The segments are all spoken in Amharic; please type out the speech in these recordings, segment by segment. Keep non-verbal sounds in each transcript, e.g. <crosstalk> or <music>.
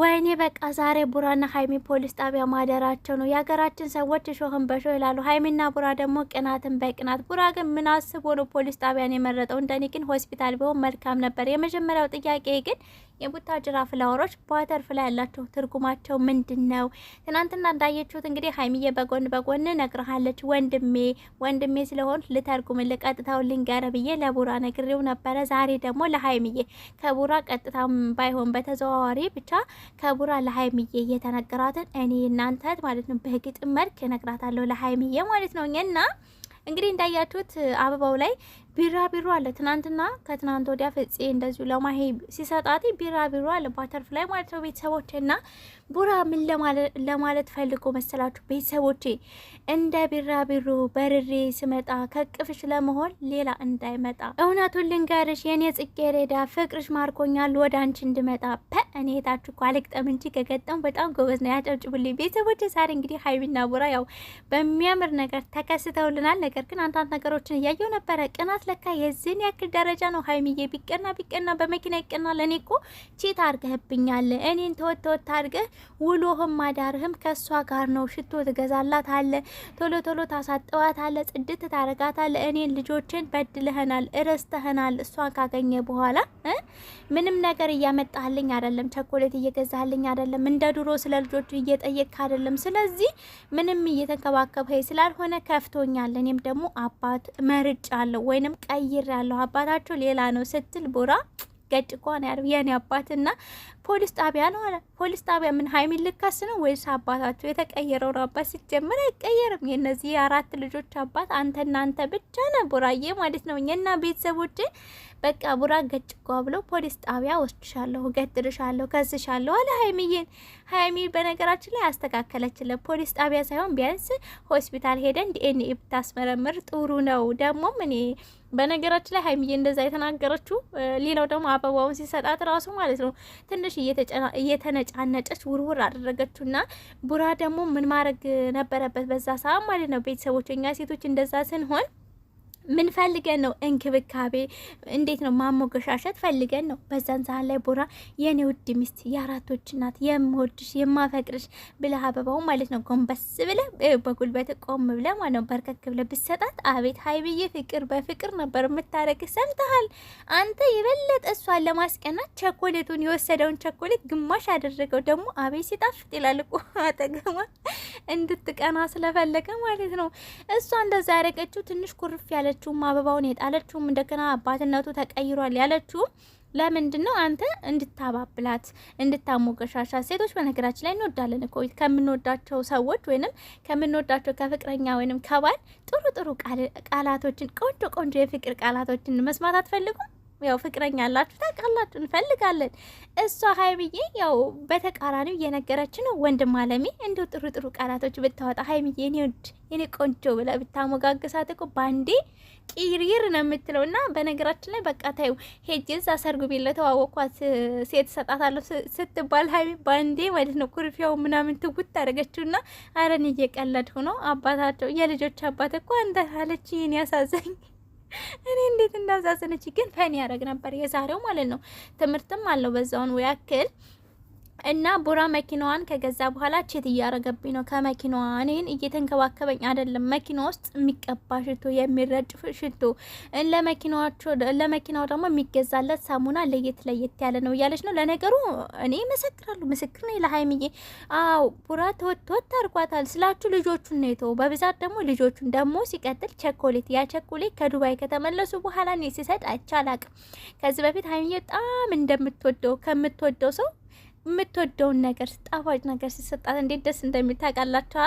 ወይኔ በቃ ዛሬ ቡራና ሀይሚ ፖሊስ ጣቢያ ማደራቸው ነው። የሀገራችን ሰዎች እሾህን በሾህ ይላሉ። ሀይሚና ቡራ ደግሞ ቅናትን በቅናት ቡራ ግን ምን አስቦ ነው ፖሊስ ጣቢያን የመረጠው? እንደኔ ግን ሆስፒታል ቢሆን መልካም ነበር። የመጀመሪያው ጥያቄ ግን የቡታጅራ ፍላወሮች በተርፍላይ ያላቸው ትርጉማቸው ምንድን ነው? ትናንትና እንዳየችሁት እንግዲህ ሀይሚዬ በጎን በጎን ነግረሃለች። ወንድሜ ወንድሜ ስለሆን ልተርጉም ልቀጥታውን ልንገረ ብዬ ለቡራ ነግሬው ነበረ። ዛሬ ደግሞ ለሀይሚዬ ከቡራ ቀጥታ ባይሆን በተዘዋዋሪ ብቻ ከቡራ ለሀይምዬ እየተነገራትን እኔ እናንተት ማለት ነው በግጥም መልክ እነግራታለሁ ለሀይምዬ ማለት ነው እና እንግዲህ እንዳያችሁት አበባው ላይ ቢራቢሮ አለ። ትናንትና ከትናንት ወዲያ ፍፄ እንደዚሁ ለማሄ ሲሰጣት ቢራቢሮ አለ ባተርፍላይ ማለት ነው። ቤተሰቦች እና ቡራ ምን ለማለት ፈልጎ መሰላችሁ? ቤተሰቦቼ እንደ ቢራቢሮ በርሬ ስመጣ ከቅፍሽ ለመሆን ሌላ እንዳይመጣ፣ እውነቱን ልንገርሽ የእኔ ጽጌረዳ ፍቅርሽ ማርኮኛል ወደ አንቺ እንድመጣ። እኔ የታችሁ እኮ አልግጠም እንጂ ከገጠም በጣም ጎበዝ ነው። ያጨብጭቡልኝ ቤተሰቦች ዛሬ እንግዲህ ሀይሚና ቡራ ያው በሚያምር ነገር ተከስተውልናል። ነገር ግን አንዳንድ ነገሮችን እያየው ነበረ ቅናት ሰዓት ለካ የዝን ያክል ደረጃ ነው። ሀይሚዬ ቢቀና ቢቀና በመኪና ይቀና ለእኔ ኮ ቼት አርገህብኛለ እኔን ተወት ተወት አርገህ ውሎህም ማዳርህም ከእሷ ጋር ነው። ሽቶ ትገዛላት አለ፣ ቶሎ ቶሎ ታሳጠዋት አለ፣ ጽድት ታረጋት አለ። እኔን ልጆችን በድልህናል፣ እረስተህናል እሷን ካገኘ በኋላ ምንም ነገር እያመጣህልኝ አይደለም፣ ቸኮሌት እየገዛህልኝ አይደለም፣ እንደ ድሮ ስለ ልጆቹ እየጠየቅክ አይደለም። ስለዚህ ምንም እየተንከባከብህ ስላልሆነ ከፍቶኛል። እኔም ደግሞ አባት መርጫለሁ ወይንም ቀይሬያለሁ፣ አባታቸው ሌላ ነው ስትል ቡራ ልትጋጭ ከሆነ ያር የኔ አባትና ፖሊስ ጣቢያ ነው አለ። ፖሊስ ጣቢያ ምን ሀይሚን ልካስ ነው ወይስ አባታቸው የተቀየረው ነው? አባት ሲጀምር አይቀየርም። የእነዚህ የአራት ልጆች አባት አንተና አንተ ብቻ ነ ቡራዬ ማለት ነው። እኛና ቤተሰቦች በቃ ቡራ ገጭ ጓ ብሎ ፖሊስ ጣቢያ ወስድሻለሁ፣ ገድልሻለሁ፣ ከስሻለሁ አለ ሀይሚዬን። ሀይሚ በነገራችን ላይ አስተካከለችለት። ፖሊስ ጣቢያ ሳይሆን ቢያንስ ሆስፒታል ሄደን ዲኤንኤ ብታስመረምር ጥሩ ነው። ደግሞም እኔ በነገራችን ላይ ሀይሚዬ እንደዛ የተናገረችው ሌላው ደግሞ አበባውን ሲሰጣት ራሱ ማለት ነው ትንሽ እየተነጫነጨች ውርውር አደረገችውና ቡራ ደግሞ ምን ማድረግ ነበረበት በዛ ሰዓት ማለት ነው ቤተሰቦች እኛ ሴቶች እንደዛ ስንሆን ምን ፈልገን ነው እንክብካቤ? እንዴት ነው ማሞገሻሸት ፈልገን ነው? በዛን ሰዓት ላይ ቦራ የኔ ውድ ሚስት፣ የአራቶች ናት፣ የምወድሽ የማፈቅርሽ ብለህ አበባው ማለት ነው ጎንበስ ብለህ በጉልበት ቆም ብለህ ማለት ነው በርከክ ብለህ ብሰጣት፣ አቤት ሀይብዬ ፍቅር በፍቅር ነበር የምታረግህ። ሰምተሃል አንተ? የበለጠ እሷን ለማስቀናት ቸኮሌቱን የወሰደውን ቸኮሌት ግማሽ አደረገው። ደግሞ አቤት ሲጣፍጥ ይላል እኮ አጠገማ እንድትቀና ስለፈለገ ማለት ነው። እሷ እንደዛ ያደረገችው ትንሽ ኩርፍ ያለ ያለችውም አበባውን የጣለችውም እንደገና አባትነቱ ተቀይሯል ያለችውም ለምንድን ነው አንተ እንድታባብላት እንድታሞገሻሻት። ሴቶች በነገራችን ላይ እንወዳለን እኮ ከምንወዳቸው ሰዎች ወይንም ከምንወዳቸው ከፍቅረኛ ወይንም ከባል ጥሩ ጥሩ ቃላቶችን ቆንጆ ቆንጆ የፍቅር ቃላቶችን መስማት አትፈልጉም? ያው ፍቅረኛ አላችሁ ታውቃላችሁ፣ እንፈልጋለን። እሷ ሀይሚዬ ያው በተቃራኒው እየነገረች ነው። ወንድም አለሜ እንደው ጥሩ ጥሩ ቃላቶች ብታወጣ ሀይሚዬ እኔ ወድ እኔ ቆንጆ ብለ ብታሞጋግሳት እኮ ባንዴ ቂሪር ነው የምትለው። እና በነገራችን ላይ በቃ ታዩ ሄጄ እዛ ሰርጉ ቤት ለተዋወቅኳት ሴት ሰጣታለሁ ስትባል ሀይሚ ባንዴ ማለት ነው ኩርፊያው ምናምን ትጉት አደረገችው። ና አረን እየቀለድ ነው። አባታቸው የልጆች አባት እኮ እንዳለች ይህን ያሳዘኝ እኔ እንዴት እንዳዛዘነች ግን ፈን ያደረግ ነበር የዛሬው ማለት ነው። ትምህርትም አለው በዛውን ያክል እና ቡራ መኪናዋን ከገዛ በኋላ ቼት እያረገብኝ ነው ከመኪናዋ እኔን እየተንከባከበኝ አይደለም። መኪና ውስጥ የሚቀባ ሽቶ፣ የሚረጭፍ ሽቶ፣ ለመኪናው ደግሞ የሚገዛለት ሳሙና ለየት ለየት ያለ ነው እያለች ነው። ለነገሩ እኔ መሰክራሉ ምስክር ነው ለሀይምዬ። አዎ ቡራ ተወትወት አርጓታል ስላችሁ ልጆቹን ነው የተወው፣ በብዛት ደግሞ ልጆቹን ደግሞ ሲቀጥል ቸኮሌት፣ ያ ቸኮሌት ከዱባይ ከተመለሱ በኋላ እኔ ሲሰጥ አይቼ አላቅም። ከዚህ በፊት ሀይምዬ በጣም እንደምትወደው ከምትወደው ሰው የምትወደውን ነገር ጣፋጭ ነገር ሲሰጣት እንዴት ደስ እንደሚታቃላቸው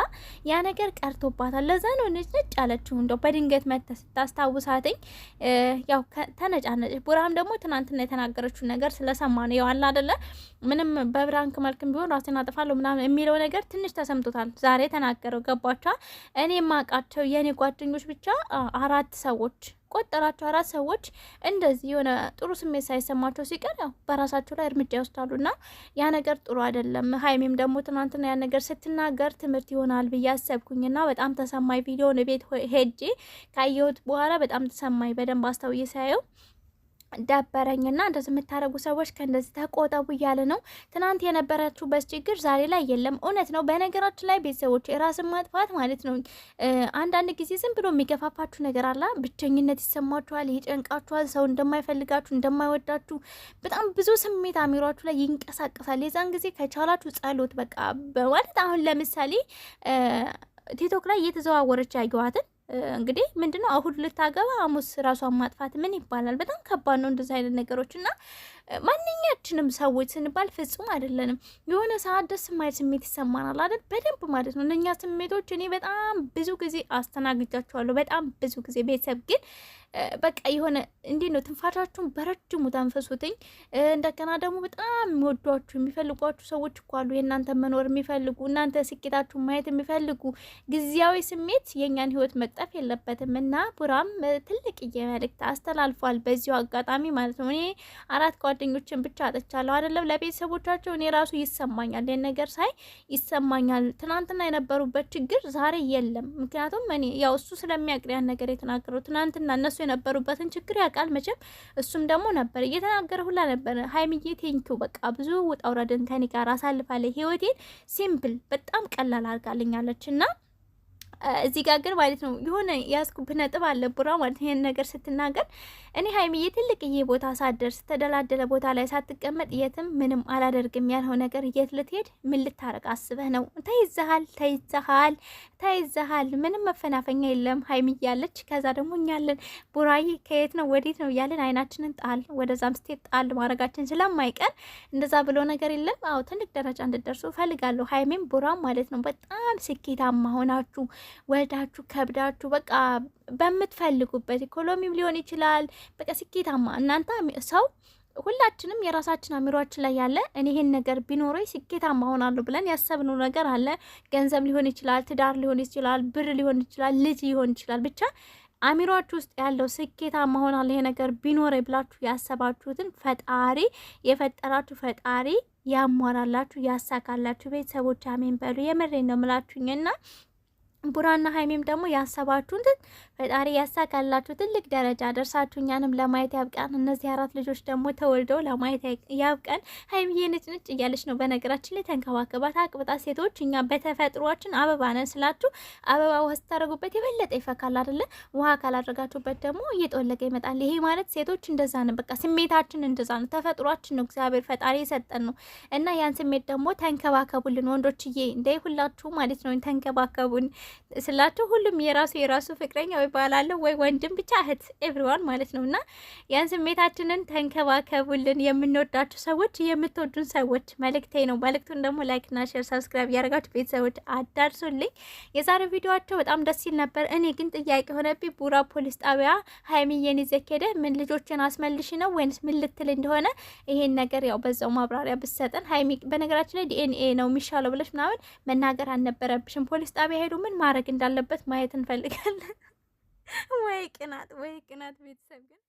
ያ ነገር ቀርቶባታል። ለዛ ነው ነጭ ነጭ ያለችው። እንደው በድንገት መተ ስታስታውሳትኝ ያው ተነጫነጭ። ቡራም ደግሞ ትናንትና የተናገረችውን ነገር ስለሰማ ነው ያው አደለ፣ ምንም በብራንክ መልክም ቢሆን ራሴን አጥፋለሁ ምናምን የሚለው ነገር ትንሽ ተሰምቶታል። ዛሬ ተናገረው። ገባቸዋል። እኔ የማውቃቸው የእኔ ጓደኞች ብቻ አራት ሰዎች ያስቆጠራቸው አራት ሰዎች እንደዚህ የሆነ ጥሩ ስሜት ሳይሰማቸው ሲቀር ያው በራሳቸው ላይ እርምጃ እና ያ ነገር ጥሩ አይደለም። ሀይሜም ደግሞ ትናንትና ያ ነገር ስትናገር ትምህርት ይሆናል ብዬ አሰብኩኝና በጣም ተሰማኝ። ቪዲዮን ቤት ሄጄ ካየሁት በኋላ በጣም ተሰማኝ። በደንብ አስታውዬ ሳየው ደበረኝና እንደዚህ የምታደርጉ ሰዎች ከእንደዚህ ተቆጠቡ እያለ ነው። ትናንት የነበራችሁበት ችግር ዛሬ ላይ የለም። እውነት ነው። በነገራችን ላይ ቤተሰቦች የራስን ማጥፋት ማለት ነው። አንዳንድ ጊዜ ዝም ብሎ የሚገፋፋችሁ ነገር አላ፣ ብቸኝነት ይሰማችኋል፣ ይጨንቃችኋል፣ ሰው እንደማይፈልጋችሁ እንደማይወዳችሁ፣ በጣም ብዙ ስሜት አሚሯችሁ ላይ ይንቀሳቀሳል። የዛን ጊዜ ከቻላችሁ ጸሎት በቃ በማለት አሁን ለምሳሌ ቲክቶክ ላይ እየተዘዋወረች ያየዋትን እንግዲህ ምንድነው አሁን ልታገባ ሐሙስ ራሷን ማጥፋት ምን ይባላል? በጣም ከባድ ነው እንደዚህ አይነት ነገሮች እና ማንኛችንም ሰዎች ስንባል ፍጹም አይደለንም። የሆነ ሰዓት ደስ የማይል ስሜት ይሰማናል አይደል? በደንብ ማለት ነው። እነኛ ስሜቶች እኔ በጣም ብዙ ጊዜ አስተናግጃቸዋለሁ። በጣም ብዙ ጊዜ ቤተሰብ ግን በቃ የሆነ እንዴት ነው ትንፋሻችሁን በረጅሙ ታንፈሱትኝ። እንደገና ደግሞ በጣም የሚወዷችሁ የሚፈልጓችሁ ሰዎች እኮ አሉ። የእናንተ መኖር የሚፈልጉ እናንተ ስኬታችሁን ማየት የሚፈልጉ ጊዜያዊ ስሜት የእኛን ህይወት መቅጠፍ የለበትም እና ቡራም ትልቅ መልእክት አስተላልፏል። በዚሁ አጋጣሚ ማለት ነው እኔ አራት ጓደኞችን ብቻ አጥቻለሁ አይደለም ለቤተሰቦቻቸው እኔ ራሱ ይሰማኛል፣ ይህን ነገር ሳይ ይሰማኛል። ትናንትና የነበሩበት ችግር ዛሬ የለም። ምክንያቱም እኔ ያው እሱ ስለሚያቅር ያን ነገር የተናገረው ትናንትና እነሱ የነበሩበትን ችግር ያውቃል መቼም። እሱም ደግሞ ነበር እየተናገረ ሁላ ነበር ሀይሚዬ ቴንኪው በቃ ብዙ ውጣ ውረድን ከኔ ጋር አሳልፋለ ህይወቴን ሲምፕል በጣም ቀላል አድርጋልኛለች እና እዚህ ጋር ግን ማለት ነው የሆነ ያዝኩብህ ነጥብ አለ ቡራ ማለት ይህን ነገር ስትናገር እኔ ሀይሚዬ ትልቅዬ ቦታ ሳደር ስተደላደለ ቦታ ላይ ሳትቀመጥ የትም ምንም አላደርግም ያልኸው ነገር የት ልትሄድ ምን ልታረቅ አስበህ ነው? ተይዘሃል ተይዘሃል ተይዘሃል፣ ምንም መፈናፈኛ የለም ሀይሚ እያለች ከዛ ደግሞ እኛለን ቡራዬ ከየት ነው ወዴት ነው እያለን አይናችንን ጣል ወደዛም ስቴት ጣል ማድረጋችን ስለማይቀር እንደዛ ብሎ ነገር የለም። አዎ ትልቅ ደረጃ እንድደርሱ ፈልጋለሁ። ሀይሜም ቡራም ማለት ነው በጣም ስኬታማ ሆናችሁ ወልዳችሁ ከብዳችሁ በቃ በምትፈልጉበት ኢኮኖሚም ሊሆን ይችላል። በቃ ስኬታማ እናንተ ሰው ሁላችንም የራሳችን አሚሯችን ላይ ያለ እኔ ይሄን ነገር ቢኖረኝ ስኬታማ እሆናለሁ ብለን ያሰብነው ነገር አለ። ገንዘብ ሊሆን ይችላል፣ ትዳር ሊሆን ይችላል፣ ብር ሊሆን ይችላል፣ ልጅ ሊሆን ይችላል። ብቻ አእምሯችሁ ውስጥ ያለው ስኬታማ እሆናለሁ ይሄ ነገር ቢኖረ ብላችሁ ያሰባችሁትን ፈጣሪ የፈጠራችሁ ፈጣሪ ያሟራላችሁ፣ ያሳካላችሁ። ቤተሰቦች አሜን በሉ። የምሬን ነው ምላችሁኝና ቡራና ሀይሜም ደግሞ ያሰባችሁን ፈጣሪ ያሳካላችሁ፣ ትልቅ ደረጃ ደርሳችሁ እኛንም ለማየት ያብቃን። እነዚህ አራት ልጆች ደግሞ ተወልደው ለማየት ያብቃን። ሀይሚዬ ንጭንጭ እያለች ነው። በነገራችን ላይ ተንከባከባት፣ አቅብጣ። ሴቶች እኛ በተፈጥሯችን አበባ ነን ስላችሁ፣ አበባ ውሃ ስታደርጉበት የበለጠ ይፈካል አይደለ? ውሃ ካላደረጋችሁበት ደግሞ እየጠወለገ ይመጣል። ይሄ ማለት ሴቶች እንደዛ ነው፣ በቃ ስሜታችን እንደዛ ነው፣ ተፈጥሯችን ነው፣ እግዚአብሔር ፈጣሪ የሰጠን ነው እና ያን ስሜት ደግሞ ተንከባከቡልን ወንዶችዬ፣ እንደ ሁላችሁ ማለት ነው ተንከባከቡን። ስላቸው ሁሉም የራሱ የራሱ ፍቅረኛ ወይ ባላለው ወይ ወንድም ብቻ እህት ኤቭሪዋን ማለት ነው። እና ያን ስሜታችንን ተንከባከቡልን። የምንወዳችሁ ሰዎች፣ የምትወዱን ሰዎች መልእክቴ ነው። መልእክቱን ደግሞ ላይክና ሼር፣ ሰብስክራይብ እያደረጋችሁ ቤተሰቦች አዳርሱልኝ። የዛሬው ቪዲዮቸው በጣም ደስ ሲል ነበር። እኔ ግን ጥያቄ የሆነብኝ ቡራ ፖሊስ ጣቢያ ሀይሚዬን ይዘህ ምን ልጆችን አስመልሽ ነው ወይንስ ምን ልትል እንደሆነ ይሄን ነገር ያው በዛው ማብራሪያ ብሰጠን። ሀይሚ በነገራችን ላይ ዲኤንኤ ነው የሚሻለው ብለሽ ምናምን መናገር አልነበረብሽም። ፖሊስ ጣቢያ ሄዱ ምን ማድረግ እንዳለበት ማየት እንፈልጋለን። <laughs> ወይ ቅናት ወይ ቅናት ቤተሰብ ግን